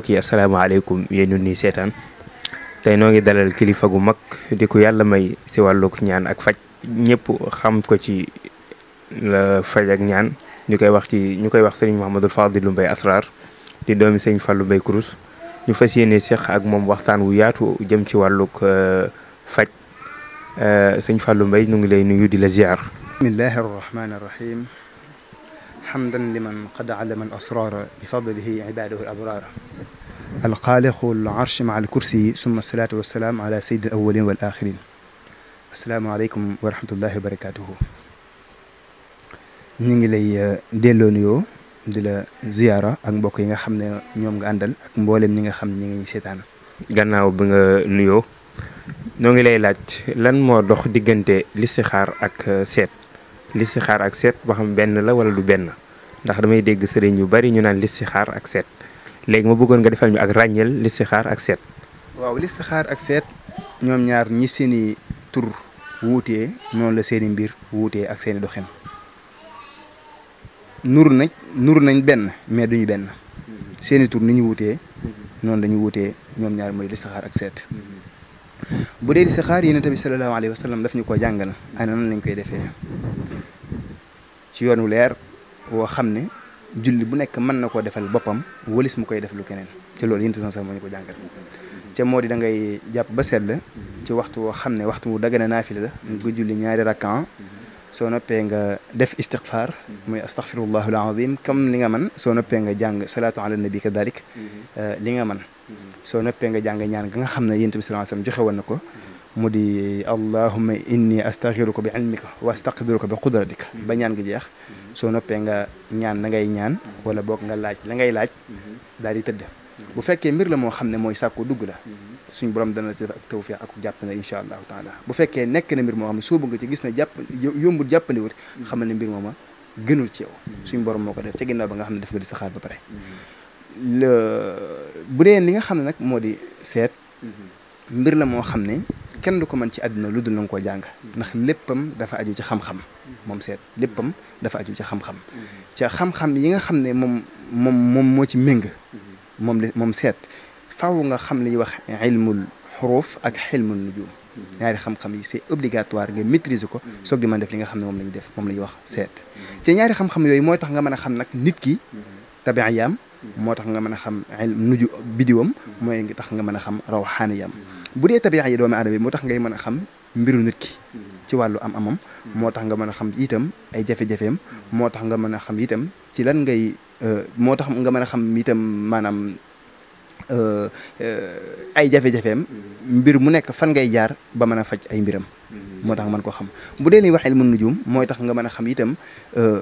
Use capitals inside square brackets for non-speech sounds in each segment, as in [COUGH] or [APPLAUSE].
mbokk yi asalaamaaleykum yéen ñu nii seetaan tey noo ngi dalal kilifa gu mag di yàlla may si wàllug ñaan ak faj ñëpp xam ko ci la faj ak ñaan ñu koy wax ci ñu koy wax sëriñ Mouhamadul Fadilou Mbaye Asrar di doomi sëriñ Fallou bay Kurus ñu fas yéene seq ak moom waxtaan wu yaatu jëm ci wàllug euh, faj euh, sëñ Fallou Mbaye ñu ngi lay nuyu di la ziar. bismillahi xamdan liman qad alama al asrara bi fadlihi ibadahu al abrara alxaaliqu al arsh ma al kursi summa salaatu wassalaam ala sayyidi al awwalin wal axirin asalaamaaleykum wa rahmatullahi wa ngi lay euh, delloo nuyoo di la ziyaara ak mbokk yi nga xam ne ñoom nga mboolem ñi nga xam ne ñi ngi seetaan gannaaw bi nga nuyoo ñoo ngi lay laaj lan moo dox diggante xaar ak euh, seet listixaar ak seet ba xam benn la wala du benn ndax damay dégg sëriñ yu bari ñu naan listixaar ak seet léegi ma bëggoon nga defal ñu ak ràññeel listixaar ak seet. waaw listixaar ak seet ñoom ñaar ñi seeni tur wuutee noonu la seeni mbir wuutee ak seeni doxin nuru nañ nuru nañ benn mais duñu benn mm-hmm. seeni tur ni ñu wuutee mm-hmm. noonu dañu wuutee ñoom ñaar mooy listixaar ak seet. Mm-hmm. bu dee istixaar yonent bi sallallahu alayhi wa sallam daf ñu ko jàngal ana nan lañ koy defee yoonu leer woo xam ne julli bu nekk mën na koo defal boppam wëlis mu koy def lu keneen te loolu yonent bi sax ko jàngal ca di da ngay jàpp ba sedd ci waxtu woo xam ne waxtu wu dagana naafila la nga julli ñaari rakkan soo noppee nga def istighfar muy astaghfirullahu alazim comme li nga man soo noppee nga jàng salaatu ala nabi kadalik mm-hmm. euh, li nga man soo noppee nga jàng ñaan ga nga xam ne yonent bi sallallahu alayhi wasallam joxe na ko mu di allahumma inni astaghiruka bi ilmika wa astaqdiruka bi qudratika ba ñaan gi jeex soo noppee nga ñaan la ngay ñaan wala boog nga laaj la ngay laaj daal di tëdd bu fekkee mbir la moo xam ne mooy sàkku dugg la suñ borom dana ci def ak tawfiq ak jàpp ne incha allahu taala bu fekkee nekk na mbir moo xam ne soobu nga ci gis ne jàpp yombul jàppandiwut xamal ne mbir mooma gënul ci yow suñ borom moo ko def ca ginnaaw nga xam ne def nga saxaar ba pare bu dee li nga xam ne nag moo di seet mm-hmm. mbir la moo xam ne kenn du ko mën ci àdduna lu dul na nga koo jàng ndax léppam dafa aju ci xam-xam mm-hmm. moom seet léppam dafa aju ci xam-xam mm-hmm. ca xam-xam yi nga xam ne moom moom moom moo ci méng moom li moom seet faaw nga xam li ñuy wax ilmul xuruuf ak xilmul nujum ñaari xam-xam yi c'est obligatoire nga maîtriser ko soog di ma def li nga xam ne moom la ñu def moom la ñuy wax seet ca ñaari xam-xam yooyu mooy tax nga mën a xam nag nit ki tabiaam moo tax nga mën a xam ilm nuju bidiwam mooy ngi tax nga mën a xam rawxaaniyam bu dee tabi yi doomu aadama moo tax ngay mën a xam mbiru nit ki ci wàllu am amam moo tax nga mën a xam itam ay jafe-jafeem moo tax nga mën a xam itam ci lan ngay euh, moo tax nga mën a xam itam maanaam euh, ay jafe mbir mu nekk fan ngay jaar ba man a faj ay mbiram moo tax nga mën ko xam bu dee ni wax ilmu nujum mooy tax nga mën a xam itam euh,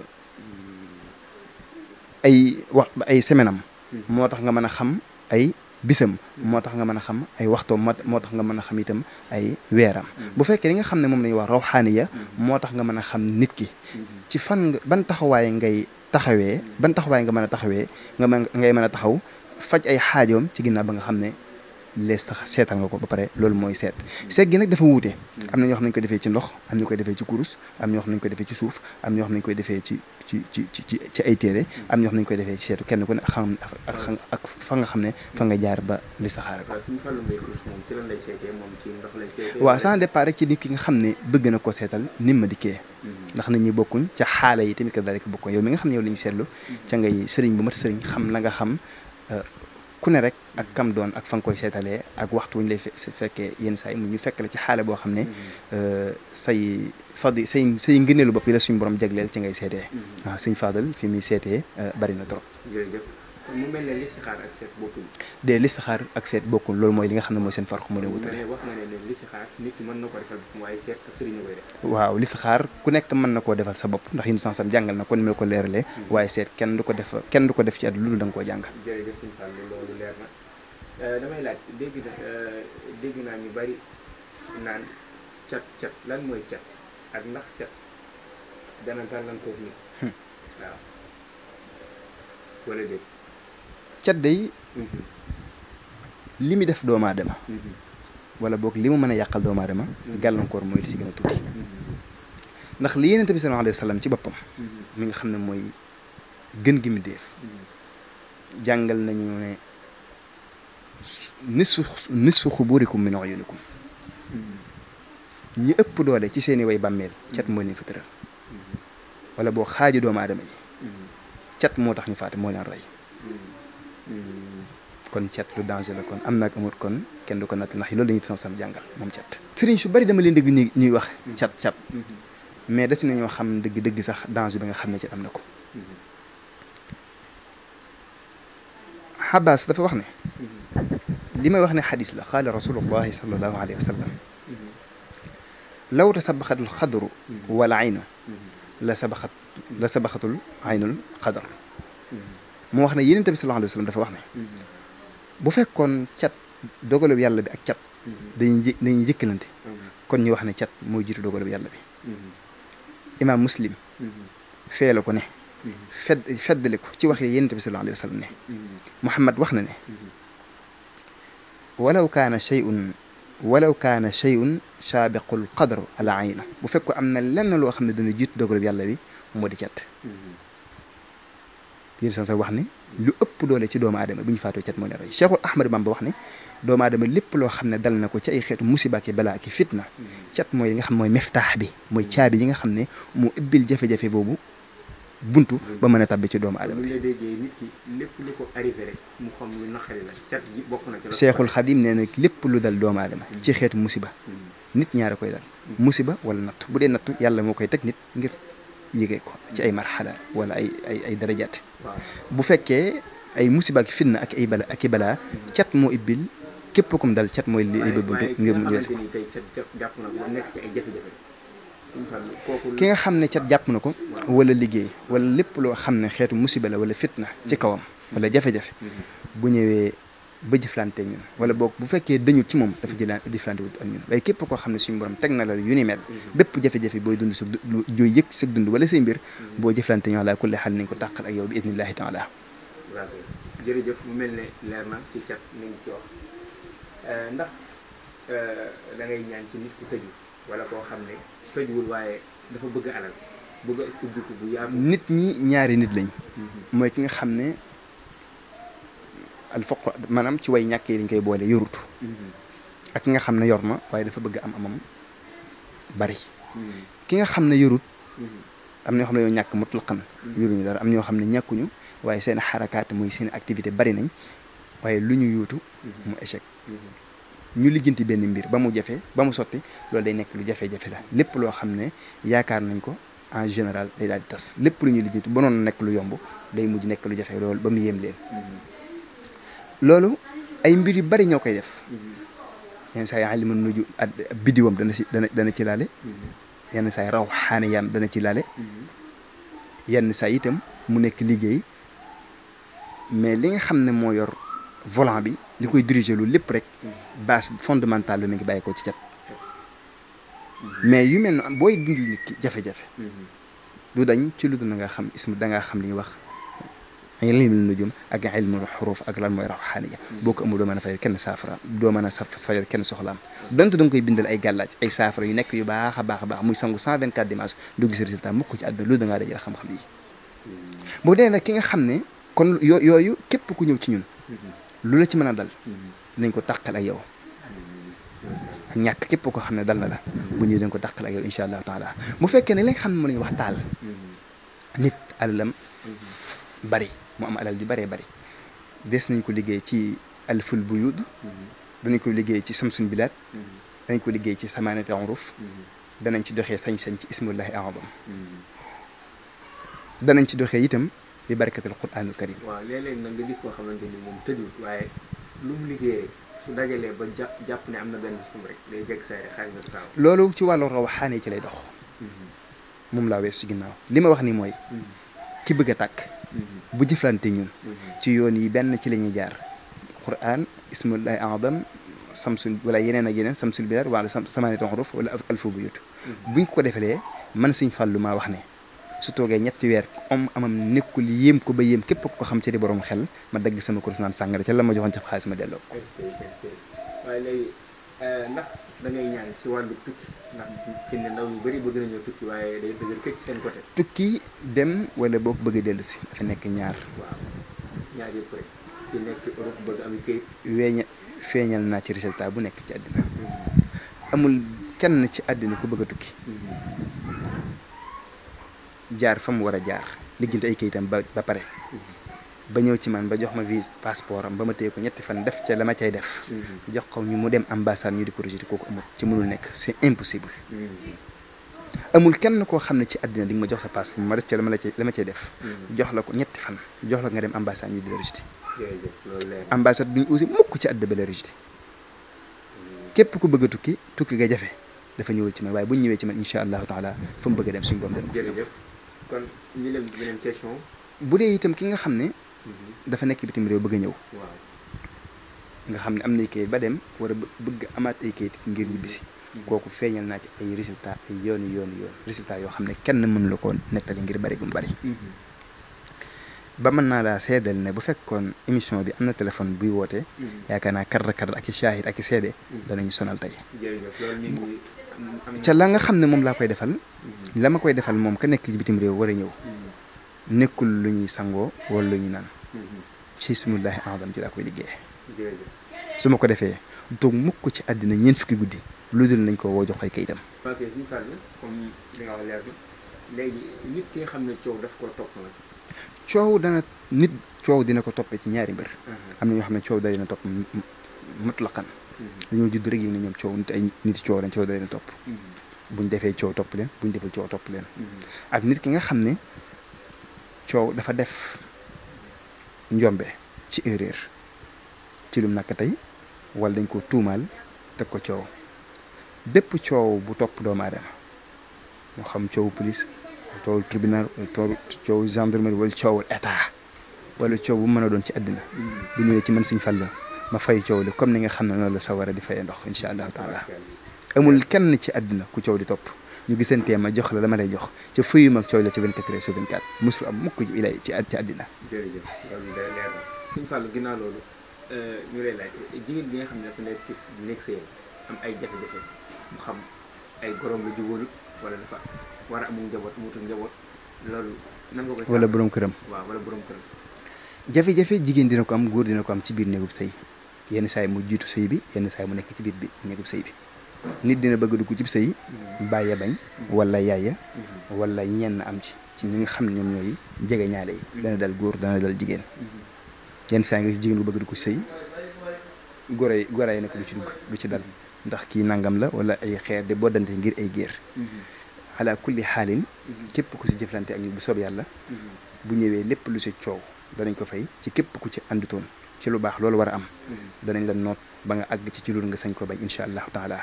wax ay semaine mhm. moo tax nga mën a xam ay bisam moo tax nga mën a xam ay waxtoom moo tax nga mën a xam itam ay weeram mhm. bu fekkee li nga xam ne moom la ñuy wax ya mhm. moo tax nga mën a xam nit ki ci fan ban taxawaay ngay taxawee ban taxawaay nga mën a taxawee nga ngay mën a taxaw faj ay xaajoom ci ginnaaw ba nga xam ne lees tax seetal nga ko ba pare loolu mooy seet seet gi nag dafa wute am na ñoo xam nañ ko defee ci ndox am ñu koy defee ci kurus am ñoo xam nañ koy defee ci suuf am ñoo xam nañ koy defee ci ci ci ci ay téere am ñoo nañ koy defee ci seetu kenn ku ne xam ak ak fa nga xam ne fa nga jaar ba li saxaar ko waaw sans départ rek ci nit ki nga xam ne bëgg na ko seetal ni ma dikkee mm-hmm. ndax nit ñi bokkuñ ca xaala yi tamit ka daal di ko bokkuñ yow mi nga xam ne yow la ñu seetlu mm-hmm. ca ngay sëriñ bu mat sëriñ xam la nga xam euh, ku ne rek ak kam doon ak fa nga koy seetalee ak waxtu wu ñu lay fekkee yenn saa mu ñu fekk la ci xaale boo xam ne mm-hmm. euh, say faddi say say ngëneelu bopp yi la suñu borom jagleel ci ngay seetee mm-hmm. waaw sëñ Fadal fi muy seetee euh, bari na trop. jërëjëf kon mu mel ne listixaar ak seet bokkul. de listixaar ak seet bokkul loolu mooy li nga xam ne mooy seen farq mu ne wutale. wax nga ne listixaar nit ki na ko defal waaye seet ak sëriñ koy def. waaw listixaar ku nekk mën na koo defal sa bopp ndax yim sansam jàngal na kon mel ko leeralee. Hmm. waaye seet kenn du ko def kenn du ko def ci at lu dul da nga jàngal. loolu leer na euh, damay laaj dégg na euh, dégg naa ñu bari naan cat cat lan mooy cat ak ndax cat dana gàllankoor nit. Hmm. waaw cat day li mu def doomaadama aadama wala boog li mu mën a yàqal doomu aadama gàllankoor mooy li si gën a tuuti ndax li yonent bi sallallahu alayhi wa ci boppam mi nga xam ne mooy gën gi mu def jàngal nañu ne nisfu nisfu xuburikum min uyunikum ñi ëpp doole ci seeni way bàmmeel cat moo leen fa tëral wala boo xaaju doomaadama yi cat moo tax ñu faate moo leen rey kon cet lu danger la kon am naa ko amut kon kenn du ko natt ndax loolu dañuy sam sam jàngal moom cet sëriñ su bari dama leen dégg ñuy ñuy wax cat cat mm-hmm. mais des ñoo xam dëgg dëgg sax danger bi nga xam ne cet am na ko xabaas mm-hmm. dafa wax ne mm-hmm. li may wax ne xadis la qaala rasulullahi sallallahu alayhi wa sallam law tasabaxatul xadru wala aynu la sabaxat la sabaxatul aynul xadar mu wax ne yeneen tamit sallallahu alayhi wa dafa wax ne bu fekkoon cat dogalub yàlla bi ak cat mm-hmm. dañuy jë mm-hmm. kon ñu wax ne cat moo jiitu dogalub yàlla bi mm-hmm. imaam muslim fee ko ne fedd feddali ko ci waxe yonent bi sallallahu alayhi wa muhammad wax na ne walaw kaana shay'un walaw kaana shay'un saabiqul qadr ala ayna bu fekk am na lenn loo xam ne dana jiitu dogalub yàlla bi moo di cat yéen sax wax ne lu ëpp doole ci doomu aadama bi ñu faatoo cat moo ne rey Cheikhul Ahmad Bamba wax ne doomu aadama lépp loo xam ne dal na ko ci ay xeetu musiba ki balaa ki fitna cat mooy li nga xam xam ne mu ëbbil jafe-jafe boobu buntu ba mën a tabbi ci doomu aadama bi nit ki lépp lu ko arrivé mu xam lu naqari la bokk na ci Cheikhul Khadim nee na lépp lu dal doomu aadama mm. ci xeetu musiba mm. nit ñaara koy dal mm. musiba wala natt bu dee natt yàlla moo koy teg nit ngir yëgee ko ci ay marxala wala ay ay ay darajaat bu fekkee ay musiba ak fitna ak ay bala ak i balaa cat moo ibbil képp kum dal cat mooy li li bëgg ngir mu jël si ko ki nga xam ne cat jàpp na ko wala liggéey wala lépp loo xam ne xeetu musiba la wala fitna ci kawam mm-hmm. wala jafe-jafe mm-hmm. bu ñëwee ba jëflante ñun wala boog bu fekkee dañu ci moom dafa jëla jëflante wut ak ñun waaye képp koo xam ne suñu borom teg na la yu ni mel mhm. bépp jafe-jafe booy dund sa jooy yëg sa dund wala say mbir mhm. boo jëflante ñoo la kulli xal nañ ko tàqal ak yow bi idnillahi taala jërëjëf mu mel ne leer na ci cat ni euh, ndax euh, da ngay ñaan wala koo xam ne tëjuwul waaye dafa bëgg alal bëgg ubbiku bu yaatu nit ñi ñaari nit lañ mhm. mooy ki nga xam ne al foq maanaam ci way ñàkk yi lañ koy boole yorut mm-hmm. ak ki nga xam ne yor na waaye dafa bëgg am amam bari mm-hmm. ki nga xam ne yorut mm-hmm. am na ñoo xam ne yoo ñàkk mutlaqan yoruñu dara am ñoo xam ne ñàkkuñu waaye seen xarakaat muy seen activité bari nañ waaye lu ñu yuutu mu échec ñu lijjanti benn mbir ba mu jafe ba mu sotti loolu day nekk lu jafe-jafe la lépp loo xam ne yaakaar nañ ko en général day daal tas lépp lu ñuy lijjanti ba noonu nekk lu yomb day mujj nekk lu jafe loolu ba mu yéem leen loolu ay mbir yu bari ñoo koy def yenn saa li alimu nuju ak biddiwam dana ci dana dana ci laale yenn saa yi raw xaane yaan dana ci laale yenn saa itam mu nekk liggéey mais li nga xam ne moo yor volant bi li koy diriger lu lépp rek baas fondamentale bi mi ngi bàyyi ko ci cat mais yu mel noonu booy dindi nit jafe-jafe mm-hmm. du dañ ci lu dana nga xam ismu da ngaa xam li ñuy wax ilmul nujum ak ilmul xuruf ak lan mooy raxaaniya boo ko amul doo a fajal kenn saafara doo mën a kenn soxlaam donte da nga koy bindal ay gàllaaj ay saafara yu nekk yu baax a baax a baax muy sangu 124 dimanche doo gis résultat mukk ci àdduna loolu da ngaa dajale xam-xam yi boo dee nag ki nga xam ne kon yo yooyu képp ku ñëw ci ñun lu la ci mën a dal nañ ko tàqal ak yow ñàkk képp ko xam ne dal na la bu ñëwee dañ ko tàqal ak yow incha allahu taala bu fekkee ne li xam ne mën nañu wax taal nit alalam bari mu am alal di bëree bëri des nañ ko liggéey ci bu buyud mm-hmm. danañ ko liggéey ci samsun bilaat mm-hmm. danañ ko liggéey ci samaanati uruf mm-hmm. danañ ci doxee sañ-sañ ci ismullahi aadam danañ ci doxee itam bi barakatul quraanul karim waaw léeg-léeg nag nga gis koo xamante ni moom tëjul waaye lu mu liggéeyee su dajalee ba jàpp ne am na benn sum rek day jeg say loolu ci wàllu rawaxaane ci lay dox moom laa wees ci ginnaaw li ma wax ni mooy ki bëgg a tàkk bu jëflante ñun mm-hmm. ci yoon yi benn ci la ñuy jaar quran ismullahi adam samsul wala yeneen ak yeneen sam binar wala samaaniyatu huruf wala alfu buyut mm-hmm. buñ ko defalee man sëñ fàllu maa wax ne su toogee ñetti weer om amam nekkul yéem ko ba yéem képp ko xam ci di borom xel ma dagg sama kurus naan sàngara ca la ma joxoon ca xaalis ma delloo ko Eh, ndax da ngay ñaan si wàllu tukki ndax bëgg nañoo tukki tukki dem wala boo ko a dellusi dafa nekk ñaar. weeña feeñal naa ci résultat bu nekk ci àddina. Hmm. amul kenn ci àddina ku bëgg a tukki. Hmm. jaar fa mu war a jaar lijjanti ay këyitam ba ba pare. Hmm. ba ñëw ci man ba jox ma visa passeport am ba ma téye ko ñetti fan def ca la ma cay def. Mm-hmm. jox ko ñu mu dem ambassade ñu di ko rejeté kooku amul ci nekk c'est impossible. Mm-hmm. kenn koo xam ne ci àddina di nga ma jox sa passeport ma def ca la ma la cay la ma def. Mm-hmm. jox la ko ñetti fan jox la nga dem ambassade ñu di la rejeté. ambassade duñ aussi mukk ci àddina ba la rejeté. képp ku bëgg tukki tukki nga jafe dafa ñëwal ci man waaye bu ñëwee ci man incha allahu taala fa mu bëgg a dem suñu borom dem ko. jërëjëf kon ñu leen beneen question. bu dee itam ki nga xam ne dafa nekk bitim réew bëgg a ñëw. nga xam ne am na ay kayit ba dem war a bëgg amaat ay kayit ngir ñibbisi. Mhm. kooku feeñal naa ci ay résultat ay yoon yoon yoon yoo xam ne kenn mënu la ko nettali ngir bari gum bari. Mhm. ba mën naa daa seedal ne bu fekkoon émission bi am na téléphone buy woote. Mhm. yaakaar naa kar kar ak i shaahid ak i seede. danañu sonal tey. ca la nga xam ne moom laa koy defal. la ma koy defal moom ka nekk ci bitim réew war ñëw. nekkul lu ñuy sangoo wala lu ñuy naan. ci ismullahi adam ci laa koy su ma ko defee toog mukk ci àddina ñeent fukki guddi lu dul nañ ko woo jox ay kayitam comme li nga wax leer na léegi ki nga xam ne coow daf koo topp nag dana nit coow dina ko toppee ci ñaari mbir mhm. am na ñoo xam ne coow da leen a topp mutlaqan mhm. dañoo judd rek yéeg ne ñoom coow nit ay nit coow lañ coow da leen a topp mhm. buñ defee coow topp leen buñ deful coow topp leen ak nit ki nga xam ne coow dafa def njombe ci erreur ci lum tey wala dañ ko tuumaal teg ko coow bépp coow bu topp doomu aadama moo xam coowu police coowu tribunal coow gendarmerie wala coowul état wala coow bu mën a doon ci àddina bu ñëwee ci man Sëñ Fallu ma fay coow li comme ni nga xam na noonu la sa war a di fayee ndox incha allahu taala amul kenn ci àddina ku coow di topp ñu gisantee a jox la dama lay jox ca fuyu mag cooy la ci 24 sur 24 musul am mukk ji ilay ci ci àddina jërëjëf loolu day leer na euh, ñu lay laaj jigéen bi nekk ci nekk sa am ay jafe-jafe mu xam ay gorom njaboot amutul njaboot loolu nan nga wala borom këram waaw wala borom këram jafe-jafe jigéen dina ko am góor dina ko am ci biir néegub sëy yenn saay mu jiitu sëy bi yenn saay mu nekk ci biir bi néegub sëy bi nit dina bëgg dugg cib sëy bàyye bañ wala yaaya wala ñenn am ci ci ñi nga xam ne ñoom ñooy jege ñaale yi dana dal góor dana dal jigéen yenn saa ngi si jigéen bu bëgg dugg ci sëy góor yi góor yi nekk du ci dugg du ci dal ndax kii nangam la wala ay xeer de boddante ngir ay géer ala kulli xaalin képp ku ci jëflante ak ñu bu soob yàlla bu ñëwee lépp lu si coow danañ ko fay ci képp ku ci àndutoon ci lu baax loolu war a am danañ la noot ba nga àgg ci ci loolu nga sañ ko bañ incha allahu taala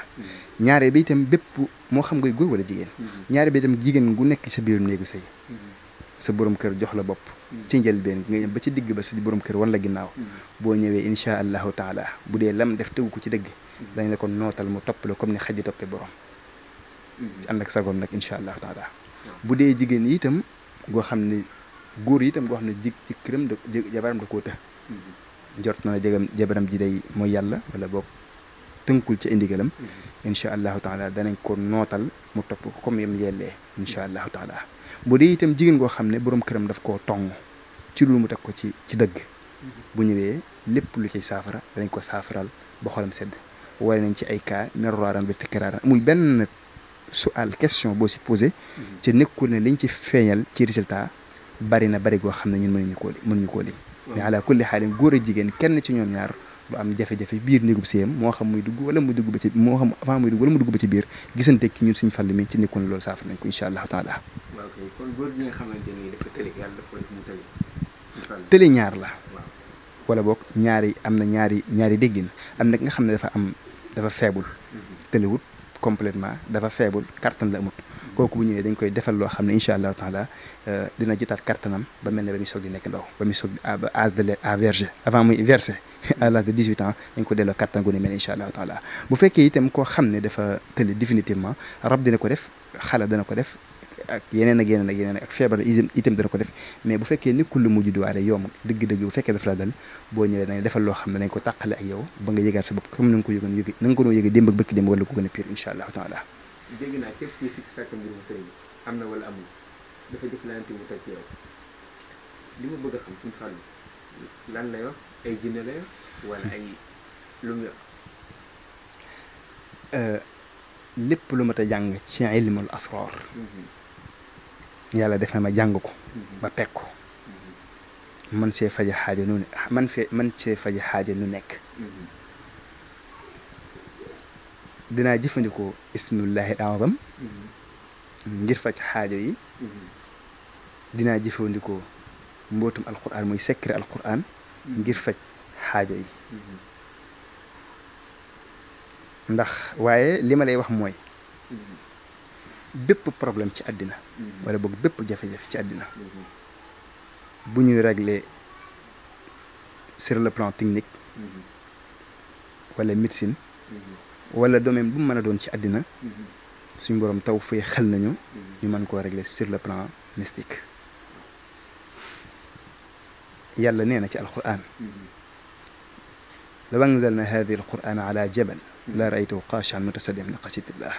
ñaare bi itam bépp moo xam ngay góor wala jigéen mm-hmm. ñaare bi itam jigéen gu nekk sa biirum néegu sëy mm-hmm. sa borom kër jox la bopp mm-hmm. ci njëlbeen nga ba ci digg ba sa borom kër wan la ginnaaw boo ñëwee incha allahu taala bu dee lam def tëggu ko ci dëgg dañ la ko nootal mu topp la comme ni xaj di toppee borom ci ànd ak sagoom nag incha allahu taala bu dee jigéen yi itam goo xam ne góor yi itam goo xam ne ji këram jabaram da koo njort na jegam jabaram ji day mooy yàlla wala boog tënkul ci indigalam mm-hmm. incha allahu taala danañ ko nootal mu topp comme yam yellee incha allahu taala bu dee itam jigéen goo xam ne boroom këram daf koo tong ci lu mu teg ko ci ci dëgg mm-hmm. bu ñëwee lépp lu ci saafara danañ ko saafaral ba xolam sedd wala nañ ci ay cas merroiram bi tekraaram muy benn sual question boo si posé ci mm-hmm. nekkul ne liñ ci feeñal ci résultat bari na bari goo xam ne ñun mënuñu ko lim mënuñu koo lim mais ala kulli xaalin góor a jigéen kenn ci ñoom ñaar du am jafe-jafe biir néegub séyam moo xam muy dugg wala muy dugg moo xam avant muy dugg wala mu dugg ba ci biir gisante ki ñun suñu fàll mi ci nekkoon loolu saafara nañ ko incha allahu taala waaw kay nga xamante ni dafa tëli yàlla dafa def ñaar la wala boog ñaari am na ñaari ñaari déggin am na nga xam ne dafa am dafa faible mm-hmm. tëliwut complètement dafa faible kattan la amut kooku bu ñëwee dañ koy defal loo xam ne incha allahu taala euh, dina jotaat kattanam ba mel ne ba muy soog di nekk ndaw ba muy soog ba âge de la à verger avant muy verser [LAUGHS] à l'âge de 18 ans dañ ko delloo kattan gu ne mel incha allahu taala bu fekkee itam koo xam ne dafa tële définitivement rab dina ko def xala dana ko def ak yeneen ak yeneen ak yeneen ak feebar itam dana ko def mais bu fekkee nekkul lu mujj duwaale yomb dëgg-dëgg bu fekkee daf la dal boo ñëwee danga defal loo xam ne dañ ko tàqale ak yow ba nga yëgaat sa bopp comme na nga ko yëgoon na nga ko doon yëgee ko gën a pire incha allahu taala mu bëgg a xam suñu fàllu lan la yor ay jinne la yor wala ay lu mu yor euh, lépp lu mat a jàng ci ilmul asrar mhm. yàlla def na ma jàng ko ba teg ko man see faje xaajo nu man see faje xaaja nu nekk dinaa jëfandikoo ismullahil azam ngir faj xaajo yi dinaa jëfandikoo mbootum alquran muy secret alquran ngir faj xaajo yi ndax waaye li ma lay wax mooy bépp problème ci àddina mm-hmm. wala boog bépp jafe-jafe ci àddina mm-hmm. bu ñuy régler sur le plan technique mm-hmm. wala médecine wala domaine bu mu mën a doon ci àddina suñ borom taw fee xel nañu ñu mën koo régler sur le plan mystique yàlla nee na ci alquran law anzalna haadha alquran ala jabal la raytahu xaashi'an mutasaddi'an min xashyati llah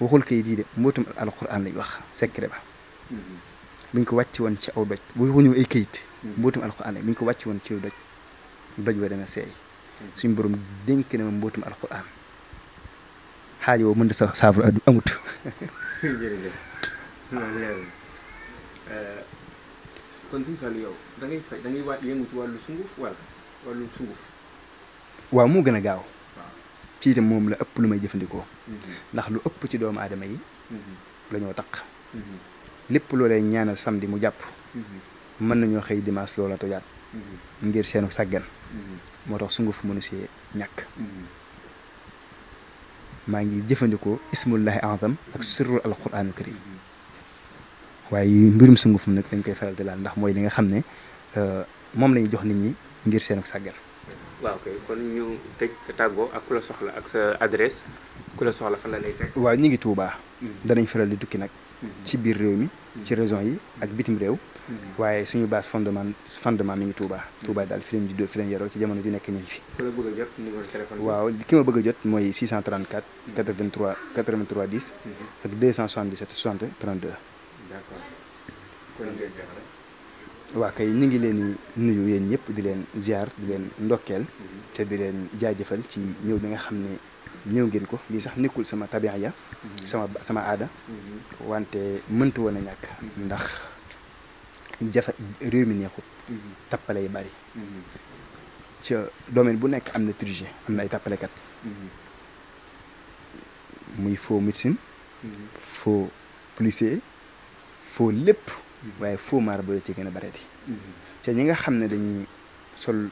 waxul kayit yi de mbootum alquran lañ wax secret ba mm-hmm. buñ ko wàcc woon ci aw doj bu waxuñu ay kayit mbootum mm-hmm. alquran lañ ngi ko wàcc woon ci doj doj wa dana seey mm-hmm. suñ borom dénk na al mbootum alquran xaajo woo mën da sa saafara addu amut jërëjëf euh, kon yow da ngay fay da waaw moo gën a gaaw ci itam moom la ëpp lu may jëfandikoo mm-hmm. ndax lu ëpp ci doomu adama yi mm-hmm. lañoo ñoo taq mm-hmm. lépp loolee ñaanal samedi mu jàpp mën nañoo xëy dimanche loola tojaat ngir seenu sàggan moo tax sunguf mënu see ñàkk maa ngi jëfandikoo ismullahi azam ak sirrul alquranul karim waaye mbirum sunguf nag dañ koy faral di laal ndax mooy li nga xam ne euh, moom lañu jox nit ñi ngir seenu sàggal waaw kay kon ñu tëj tàggoo ak ku la soxla ak sa adresse ku la soxla fan la lay fekk. waaw ñu ngi tuubaa hmm. danañ faral di tukki nag. Hmm. ci biir réew mi. Hmm. ci régions yi ak bitim réew. waaye suñu base fondement fondement mi ngi Touba. Touba daal fi lañ juddoo fi lañ ci jamono ju nekk ñu ngi fi. ku la bëgg a jot numéro téléphone waaw ki ma bëgg a jot mooy 634. 83 83 10. ak 277 60 32. d'accord kon waaw kay ñu ngi leen nuyu yéen ñëpp di leen ziar di leen ndokkeel te di leen jaajëfal ci ñëw bi nga xam ne ñëw ngeen ko lii sax nekkul sama tabiya ya sama sama aada wante mëntu woon a ñàkk ndax jafe réew mi neexut tappale yi bari ca domaine bu nekk am na triche am na ay tappalekat muy faux médecine mm-hmm. faux policier faux lépp Mm-hmm. waaye fóomaar ba ci gën a di ca mm-hmm. ñi nga xam ne dañuy sol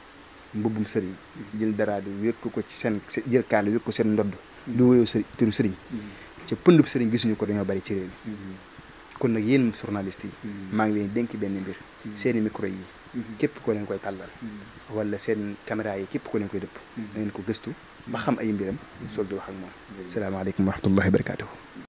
mbubbum sëriñ mm-hmm. jël daraadu yëkk ko ci seen jël kaala wékk ko seen ndodd du woyoo sëriñ turu sëriñ ca pëndub sëriñ gisuñu ko dañoo bari ci réew kon nag yéen journaliste yi maa ngi leen dénk benn mbir seeni micro yi képp ko leen koy tàllal wala seen caméra yi képp ko leen koy dëpp da ko gëstu ba xam ay mbiram sol di wax ak moom salaamaaleykum wa rahmatullahi wa barakatuhu